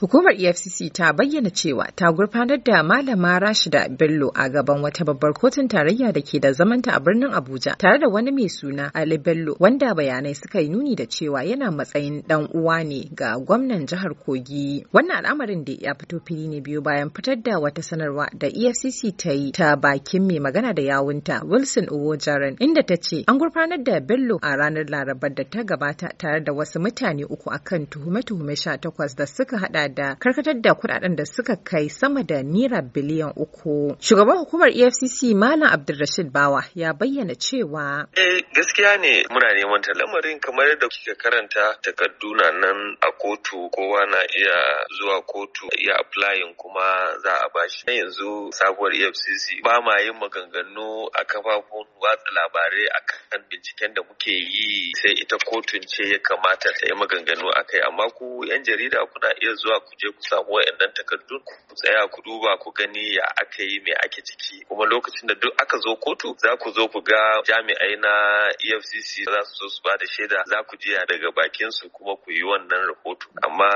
Hukumar EFCC ta bayyana cewa ta gurfanar da malama Rashida Bello a gaban wata babbar kotun tarayya da ke da zamanta a birnin Abuja tare da wani mai suna Ali Bello wanda bayanai suka yi nuni da cewa yana matsayin dan uwa ne ga gwamnan jihar Kogi. Wannan al'amarin da ya fito fili ne biyu bayan fitar da wata sanarwa da EFCC ta yi ta bakin mai magana da yawunta Wilson Owojaren inda ta ce an gurfanar da Bello a ranar Larabar da ta gabata tare da wasu mutane uku akan tuhume-tuhume 18 da suka hada da karkatar da kudaden da suka kai sama da naira biliyan uku. Shugaban hukumar EFCC Malam Abdulrashid Bawa ya bayyana cewa. Eh gaskiya ne muna neman ta lamarin kamar yadda kika karanta takarduna nan a kotu kowa na iya zuwa kotu ya applying kuma za a bashi. yanzu sabuwar EFCC ba ma yin maganganu a kafafun watsa labarai akan binciken da muke yi sai ita kotun ce ya kamata ta yi maganganu akai amma ku 'yan jarida kuna iya zuwa ku je ku samu wayannan takardun ku tsaya ku duba ku gani ya aka yi me ake ciki kuma lokacin da duk aka zo kotu za ku zo ku ga jami'ai na EFCC za su zo su ba da shaida za ku je daga bakin su kuma ku yi wannan rahoto amma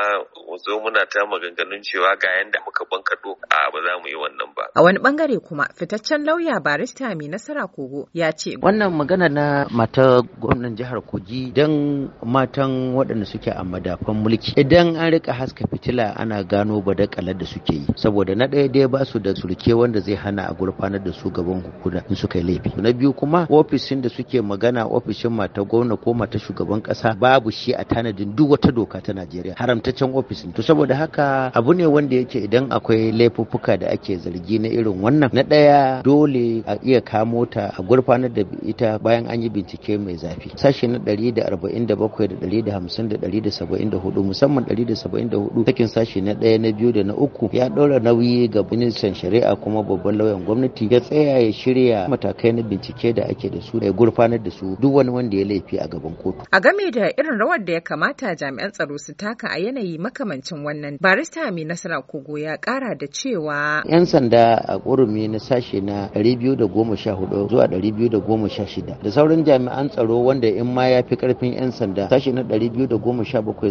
zo muna ta maganganun cewa ga yanda muka bankaɗo a ba za mu yi wannan ba. A wani bangare kuma fitaccen lauya barista mai nasara kogo ya ce. Wannan magana na mata gwamnan jihar Kogi don matan waɗanda suke a madafan mulki idan an rika haska fitila Kila ana gano badakalar da suke yi saboda na ɗaya dai ba su da sulke wanda zai hana a gurfanar da su gaban hukuma in suka yi laifi na biyu kuma ofishin da suke magana ofishin mata gwamna ko mata shugaban kasa babu shi a tanadin duk wata doka ta Najeriya haramtaccen ofishin to saboda haka abu ne wanda yake idan akwai laifuffuka da ake zargi na irin wannan na ɗaya dole a iya kamo ta a gurfanar da ita bayan an yi bincike mai zafi sashe na 147 da 150 da 174 musamman 174 take cikin sashi na ɗaya na biyu da na uku ya ɗora nauyi ga ministan shari'a kuma babban lauyan gwamnati ya tsaya ya shirya matakai na bincike da ake da su da gurfanar da su duk wani wanda ya laifi a gaban kotu. A game da irin rawar da ya kamata jami'an tsaro su taka a yanayi makamancin wannan barista mai nasara kogo ya kara da cewa. 'Yan sanda a ƙurumi na sashe na 214 zuwa 216 da sauran jami'an tsaro wanda in ma ya fi ƙarfin 'yan sanda sashe na 217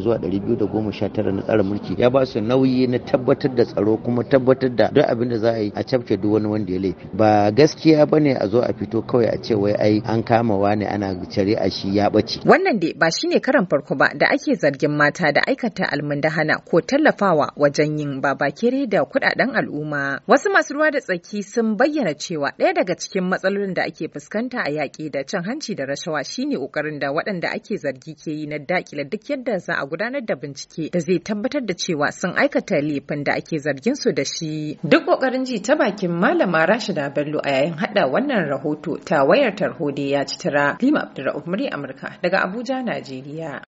zuwa 219 na tsarin mulki ya ba su nauyi na tabbatar da tsaro kuma tabbatar da duk abin da za a yi a cafke duk wani wanda ya laifi ba gaskiya bane a zo a fito kawai a ce wai ai an kama wani ana a shi ya bace wannan dai ba shine karan farko ba da ake zargin mata da aikata almundahana ko tallafawa wajen yin babakere da kudaden al'umma wasu masu ruwa da tsaki sun bayyana cewa ɗaya daga cikin matsalolin da ake fuskanta a yaƙi da cin hanci da rashawa shine ƙoƙarin da waɗanda ake zargi ke yi na dakila duk yadda za a gudanar da bincike da zai tabbatar da cewa sun aikata laifin da ake zargin su da shi. Duk kokarin ji ta bakin malama Rashida Bello a yayin hada wannan rahoto ta wayar tarho ya ci tira. Lima Abdulrahman Amurka daga Abuja, Najeriya.